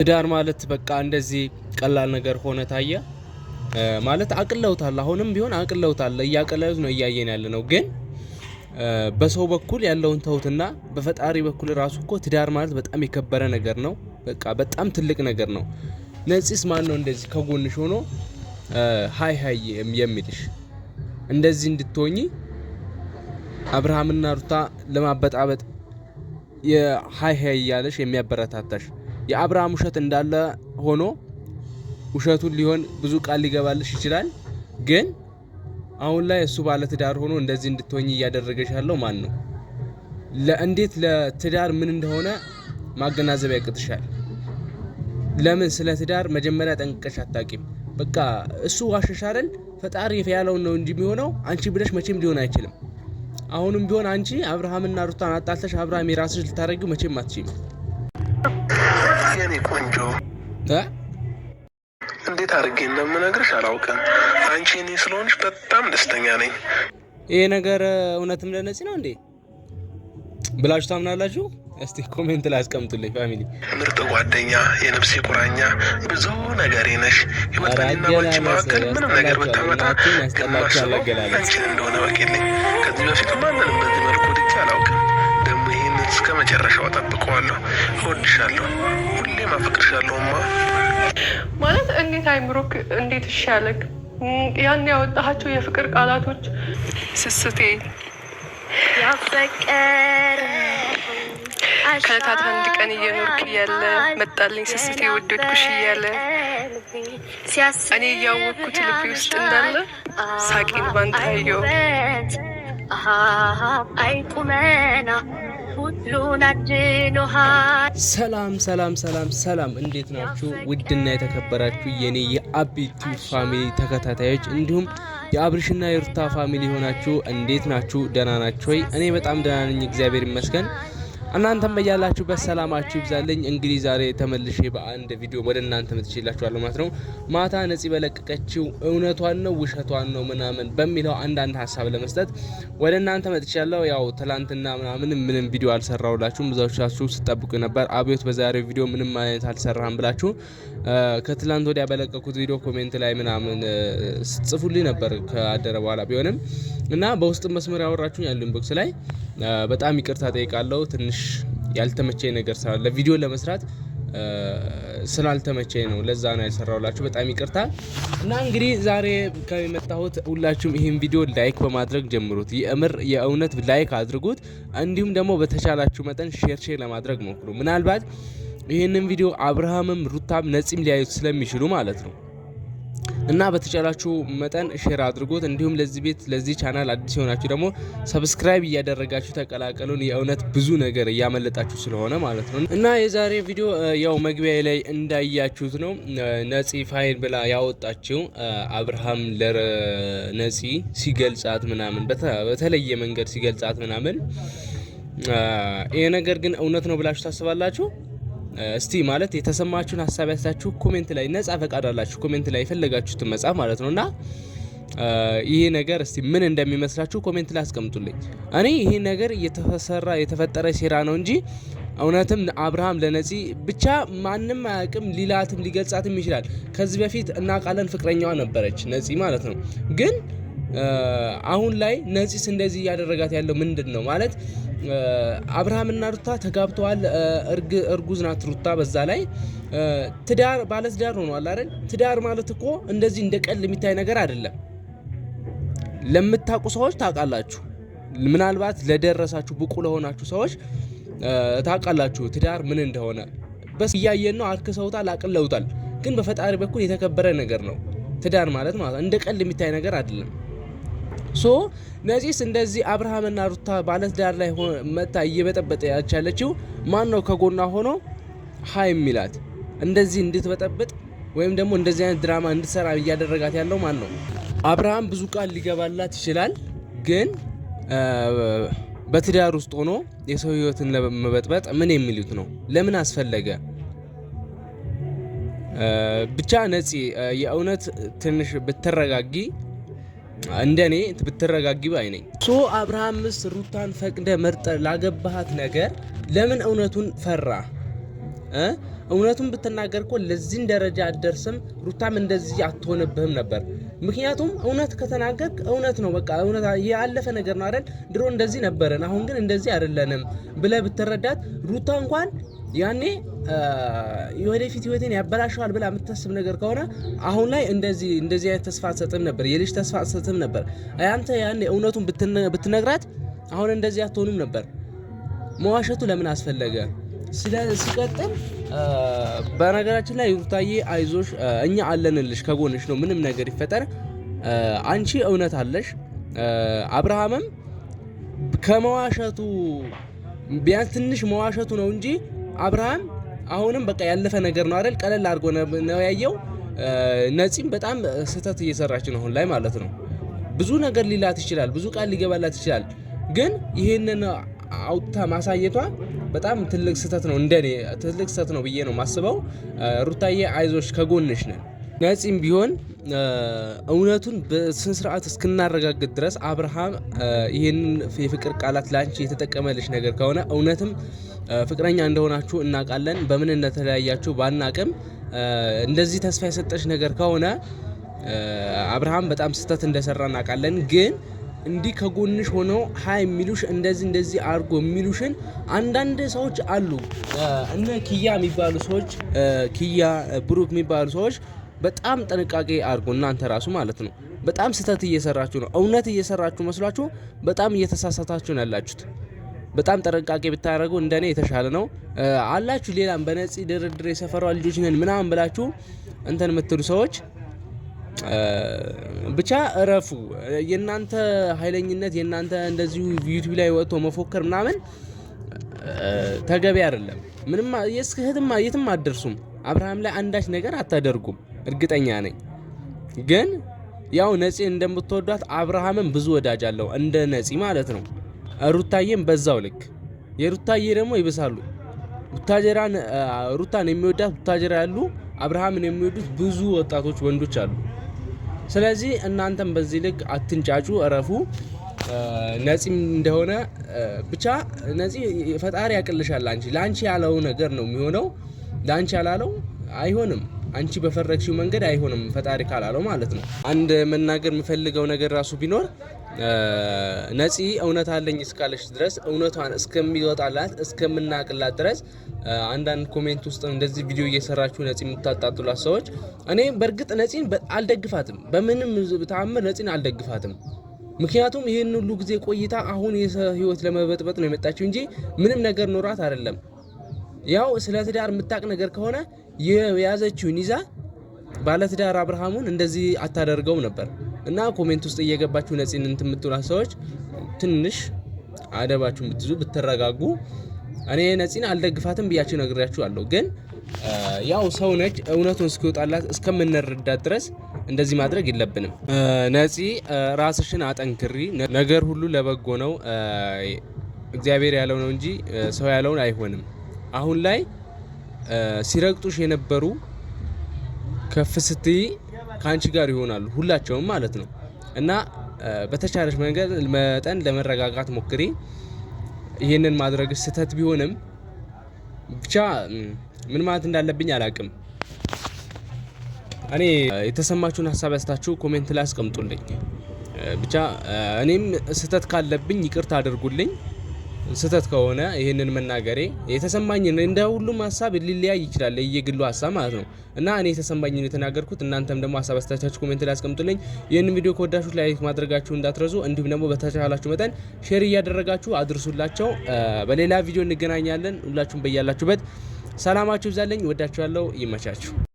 ትዳር ማለት በቃ እንደዚህ ቀላል ነገር ሆነ ታየ ማለት አቅለውታል። አሁንም ቢሆን አቅለውታል። እያቀለሉት ነው፣ እያየን ያለ ነው። ግን በሰው በኩል ያለውን ተውትና በፈጣሪ በኩል ራሱ እኮ ትዳር ማለት በጣም የከበረ ነገር ነው። በቃ በጣም ትልቅ ነገር ነው። ነፂስ ማን ነው እንደዚህ ከጎንሽ ሆኖ ሀይ ሀይ የሚልሽ? እንደዚህ እንድትሆኚ አብርሃምና ሩታ ለማበጣበጥ የሀይ ሀይ እያለሽ የሚያበረታታሽ የአብርሃም ውሸት እንዳለ ሆኖ ውሸቱን ሊሆን ብዙ ቃል ሊገባልሽ ይችላል። ግን አሁን ላይ እሱ ባለትዳር ሆኖ እንደዚህ እንድትሆኝ እያደረገሽ ያለው ማን ነው? ለእንዴት ለትዳር ምን እንደሆነ ማገናዘብ ያቅትሻል። ለምን ስለ ትዳር መጀመሪያ ጠንቅቀሽ አታቂም? በቃ እሱ ዋሸሽ ፈጣሪ ያለውን ነው እንጂ የሚሆነው አንቺ ብለሽ መቼም ሊሆን አይችልም። አሁንም ቢሆን አንቺ አብርሃምና ሩታን አጣልተሽ አብርሃም የራስሽ ልታደረጊው መቼም አትችይም። የኔ ቆንጆ እንዴት አድርጌ እንደምነግርሽ አላውቅም። አንቺ የኔ ስለሆንሽ በጣም ደስተኛ ነኝ። ይህ ነገር እውነትም ለነፂ ነው እንዴ ብላችሁ ታምናላችሁ? እስቲ ኮሜንት ላይ አስቀምጡልኝ። ፋሚሊ ምርጥ ጓደኛ፣ የነፍሴ ቁራኛ፣ ብዙ ነገር ነሽ። ህይወትና መካከል ምንም ነገር ብታመጣ ከማስበው አንቺን እንደሆነ በቂልኝ። ከዚህ በፊት ማንንም በዚህ መልኩ ድጅ አላውቅም። እስከ መጨረሻው አጠብቀዋለሁ። እወድሻለሁ፣ ሁሌም አፈቅድሻለሁማ። ማለት እንዴት አይምሮክ እንዴት ይሻለግ ያን ያወጣሃቸው የፍቅር ቃላቶች ስስቴ ያፈቀር ከእለታት አንድ ቀን እየኖርክ እያለ መጣልኝ ስስቴ ወደድኩሽ እያለ እኔ እያወቅኩት ልቤ ውስጥ እንዳለ ሳቂን ባንታየው አይቁመና ሰላም ሰላም ሰላም ሰላም፣ እንዴት ናችሁ? ውድና የተከበራችሁ የኔ የአቢቱ ፋሚሊ ተከታታዮች እንዲሁም የአብርሽና የሩታ ፋሚሊ የሆናችሁ እንዴት ናችሁ? ደህና ናችሁ ወይ? እኔ በጣም ደህና ነኝ፣ እግዚአብሔር ይመስገን። እናንተም በያላችሁበት ሰላማችሁ ይብዛልኝ። እንግዲህ ዛሬ ተመልሼ በአንድ ቪዲዮ ወደ እናንተ መጥቼላችኋለሁ ማለት ነው። ማታ ነፂ በለቀቀችው እውነቷን ነው ውሸቷን ነው ምናምን በሚለው አንዳንድ ሀሳብ ለመስጠት ወደ እናንተ መጥቻለሁ። ያው ትላንትና ምናምን ምንም ቪዲዮ አልሰራሁላችሁም፣ ብዙዎቻችሁ ስጠብቁ ነበር። አብዮት በዛሬው ቪዲዮ ምንም አይነት አልሰራም ብላችሁ ከትላንት ወዲያ በለቀኩት ቪዲዮ ኮሜንት ላይ ምናምን ስጽፉልኝ ነበር ከአደረ በኋላ ቢሆንም እና በውስጥ መስመር ያወራችሁ ያሉ ኢንቦክስ ላይ በጣም ይቅርታ ጠይቃለሁ። ትንሽ ያልተመቸኝ ነገር ስላለ ለቪዲዮ ለመስራት ስላልተመቸኝ ነው። ለዛ ነው ያልሰራውላችሁ። በጣም ይቅርታ እና እንግዲህ ዛሬ ከመጣሁት ሁላችሁም ይህን ቪዲዮ ላይክ በማድረግ ጀምሩት። የእምር የእውነት ላይክ አድርጉት። እንዲሁም ደግሞ በተቻላችሁ መጠን ሼር ሼር ለማድረግ ሞክሩ። ምናልባት ይህንን ቪዲዮ አብርሃምም ሩታም ነፂም ሊያዩት ስለሚችሉ ማለት ነው። እና በተቻላችሁ መጠን ሼር አድርጉት። እንዲሁም ለዚህ ቤት ለዚህ ቻናል አዲስ የሆናችሁ ደግሞ ሰብስክራይብ እያደረጋችሁ ተቀላቀሉን። የእውነት ብዙ ነገር እያመለጣችሁ ስለሆነ ማለት ነው እና የዛሬ ቪዲዮ ያው መግቢያ ላይ እንዳያችሁት ነው ነፂ ፋይል ብላ ያወጣችው አብርሃም ለነፂ ሲገልጻት ምናምን በተለየ መንገድ ሲገልጻት ምናምን ይሄ ነገር ግን እውነት ነው ብላችሁ ታስባላችሁ? እስቲ ማለት የተሰማችሁን ሀሳብ ያሳችሁ ኮሜንት ላይ ነጻ ፈቃድ አላችሁ። ኮሜንት ላይ የፈለጋችሁትን መጻፍ ማለት እና ይሄ ነገር እስቲ ምን እንደሚመስላችሁ ኮሜንት ላይ አስቀምጡልኝ። እኔ ይሄ ነገር የተሰራ የተፈጠረ ሴራ ነው እንጂ እውነትም አብርሃም ለነፂ ብቻ ማንም አያውቅም፣ ሊላትም ሊገልጻትም ይችላል። ከዚህ በፊት እናውቃለን፣ ፍቅረኛዋ ነበረች ነፂ ማለት ነው ግን አሁን ላይ ነፂስ እንደዚህ እያደረጋት ያለው ምንድን ነው ማለት አብርሃምና ሩታ ተጋብተዋል። እርጉዝ ናት ሩታ። በዛ ላይ ትዳር ባለትዳር ሆኗል አይደል? ትዳር ማለት እኮ እንደዚህ እንደ ቀል የሚታይ ነገር አይደለም። ለምታውቁ ሰዎች ታውቃላችሁ፣ ምናልባት ለደረሳችሁ ብቁ ለሆናችሁ ሰዎች ታውቃላችሁ ትዳር ምን እንደሆነ። በስ እያየን ነው። አርክሰውታል፣ አቅለውታል። ግን በፈጣሪ በኩል የተከበረ ነገር ነው ትዳር ማለት ማለት እንደ ቀል የሚታይ ነገር አይደለም። ሶ ነፂስ እንደዚህ አብርሃምና ሩታ ባለትዳር ላይ መታ እየበጠበጠ ያቻለችው ማን ነው? ከጎኗ ሆኖ ሀይ የሚላት እንደዚህ እንድትበጠበጥ ወይም ደግሞ እንደዚህ አይነት ድራማ እንድትሰራ እያደረጋት ያለው ማን ነው? አብርሃም ብዙ ቃል ሊገባላት ይችላል፣ ግን በትዳር ውስጥ ሆኖ የሰው ህይወትን ለመበጥበጥ ምን የሚሉት ነው? ለምን አስፈለገ? ብቻ ነፂ የእውነት ትንሽ ብትረጋጊ እንደ እኔ ብትረጋጊ ባይ ነኝ። ሶ አብርሃም ምስ ሩታን ፈቅደ መርጠ ላገባሃት ነገር ለምን እውነቱን ፈራ? እውነቱን ብትናገር እኮ ለዚህን ደረጃ አደርስም ሩታም እንደዚህ አትሆንብህም ነበር። ምክንያቱም እውነት ከተናገርክ እውነት ነው፣ በቃ እውነት ያለፈ ነገር ነው አይደል? ድሮ እንደዚህ ነበርን፣ አሁን ግን እንደዚህ አይደለንም ብለህ ብትረዳት ሩታ እንኳን ያኔ የወደፊት ህይወቴን ያበላሸዋል ብላ የምታስብ ነገር ከሆነ አሁን ላይ እንደዚህ እንደዚህ አይነት ተስፋ አትሰጥም ነበር። የልጅ ተስፋ አትሰጥም ነበር። አንተ ያኔ እውነቱን ብትነግራት አሁን እንደዚህ አትሆንም ነበር። መዋሸቱ ለምን አስፈለገ? ሲቀጥል በነገራችን ላይ ሩታዬ አይዞሽ፣ እኛ አለንልሽ፣ ከጎንሽ ነው። ምንም ነገር ይፈጠር አንቺ እውነት አለሽ። አብርሃምም ከመዋሸቱ ቢያንስ ትንሽ መዋሸቱ ነው እንጂ አብርሃም አሁንም በቃ ያለፈ ነገር ነው አይደል? ቀለል አድርጎ ነው ያየው። ነፂም በጣም ስህተት እየሰራች ነው አሁን ላይ ማለት ነው። ብዙ ነገር ሊላት ይችላል፣ ብዙ ቃል ሊገባላት ይችላል። ግን ይህንን አውጥታ ማሳየቷ በጣም ትልቅ ስህተት ነው፣ እንደኔ ትልቅ ስህተት ነው ብዬ ነው ማስበው። ሩታዬ አይዞሽ፣ ከጎንሽ ነን። ነፂም ቢሆን እውነቱን በስነ ስርዓት እስክናረጋግጥ ድረስ አብርሃም ይህንን የፍቅር ቃላት ለአንቺ የተጠቀመልሽ ነገር ከሆነ እውነትም ፍቅረኛ እንደሆናችሁ እናውቃለን፣ በምን እንደተለያያችሁ ባናቅም እንደዚህ ተስፋ የሰጠሽ ነገር ከሆነ አብርሃም በጣም ስህተት እንደሰራ እናውቃለን ግን እንዲህ ከጎንሽ ሆነው ሀይ የሚሉሽ እንደዚህ እንደዚህ አድርጎ የሚሉሽን አንዳንድ ሰዎች አሉ። እነ ኪያ የሚባሉ ሰዎች ኪያ ብሩክ የሚባሉ ሰዎች በጣም ጥንቃቄ አድርጎ እናንተ ራሱ ማለት ነው በጣም ስህተት እየሰራችሁ ነው። እውነት እየሰራችሁ መስሏችሁ በጣም እየተሳሳታችሁ ነው ያላችሁት። በጣም ጥንቃቄ ብታደረጉ እንደኔ የተሻለ ነው። አላችሁ ሌላም በነፂ ድርድር የሰፈሯ ልጆች ነን ምናምን ብላችሁ እንትን የምትሉ ሰዎች ብቻ እረፉ። የእናንተ ኃይለኝነት የእናንተ እንደዚሁ ዩቲዩብ ላይ ወጥቶ መፎከር ምናምን ተገቢ አይደለም። ምንም የትም አትደርሱም። አብርሃም ላይ አንዳች ነገር አታደርጉም። እርግጠኛ ነኝ። ግን ያው ነፂን እንደምትወዷት አብርሃምን ብዙ ወዳጅ አለው እንደ ነፂ ማለት ነው። ሩታዬም በዛው ልክ የሩታዬ ደግሞ ይብሳሉ። ቡታጀራን ሩታን የሚወዳት ቡታጀራ ያሉ አብርሃምን የሚወዱት ብዙ ወጣቶች ወንዶች አሉ። ስለዚህ እናንተም በዚህ ልክ አትንጫጩ፣ እረፉ። ነፂም እንደሆነ ብቻ ነፂ ፈጣሪ ያቅልሻል። አንቺ ለአንቺ ያለው ነገር ነው የሚሆነው፣ ለአንቺ ያላለው አይሆንም። አንቺ በፈረግሽው መንገድ አይሆንም ፈጣሪ ካላለው ማለት ነው። አንድ መናገር የምፈልገው ነገር ራሱ ቢኖር ነፂ እውነት አለኝ እስካለች ድረስ እውነቷን እስከሚወጣላት እስከምናቅላት ድረስ አንዳንድ ኮሜንት ውስጥ እንደዚህ ቪዲዮ እየሰራችሁ ነፂ የምታጣጥሏት ሰዎች እኔ በእርግጥ ነፂን አልደግፋትም፣ በምንም ተአምር ነፂን አልደግፋትም። ምክንያቱም ይህን ሁሉ ጊዜ ቆይታ አሁን የሰው ህይወት ለመበጥበጥ ነው የመጣችው እንጂ ምንም ነገር ኖራት አይደለም። ያው ስለ ትዳር የምታቅ ነገር ከሆነ የያዘችውን ይዛ ባለትዳር አብርሃሙን እንደዚህ አታደርገው ነበር እና ኮሜንት ውስጥ እየገባችሁ ነፂን እንትን ሰዎች ትንሽ አደባችሁ የምትይዙ ብትረጋጉ። እኔ ነፂን አልደግፋትም ብያችሁ ነግሬያችኋለሁ። ግን ያው ሰው ነች፣ እውነቱን እስኪወጣላት እስከምንረዳት ድረስ እንደዚህ ማድረግ የለብንም። ነፂ ራስሽን አጠንክሪ፣ ነገር ሁሉ ለበጎ ነው። እግዚአብሔር ያለው ነው እንጂ ሰው ያለውን አይሆንም። አሁን ላይ ሲረግጡሽ የነበሩ ከፍ ስትይ ከአንቺ ጋር ይሆናሉ ሁላቸውም ማለት ነው። እና በተቻለሽ መንገድ መጠን ለመረጋጋት ሞክሪ። ይህንን ማድረግ ስህተት ቢሆንም ብቻ ምን ማለት እንዳለብኝ አላቅም። እኔ የተሰማችሁን ሀሳብ ያስታችሁ ኮሜንት ላይ አስቀምጡልኝ። ብቻ እኔም ስህተት ካለብኝ ይቅርታ አድርጉልኝ። ስህተት ከሆነ ይህንን መናገሬ የተሰማኝን እንደ ሁሉም ሀሳብ ሊለያይ ይችላል፣ የየግሉ ሀሳብ ማለት ነው እና እኔ የተሰማኝን የተናገርኩት። እናንተም ደግሞ ሀሳብ አስተያየታችሁ ኮሜንት ላይ አስቀምጡልኝ። ይህን ቪዲዮ ከወዳችሁ ላይክ ማድረጋችሁ እንዳትረሱ፣ እንዲሁም ደግሞ በተቻላችሁ መጠን ሼር እያደረጋችሁ አድርሱላቸው። በሌላ ቪዲዮ እንገናኛለን። ሁላችሁም በያላችሁበት ሰላማችሁ ይብዛልኝ። ወዳችኋለሁ። ይመቻችሁ።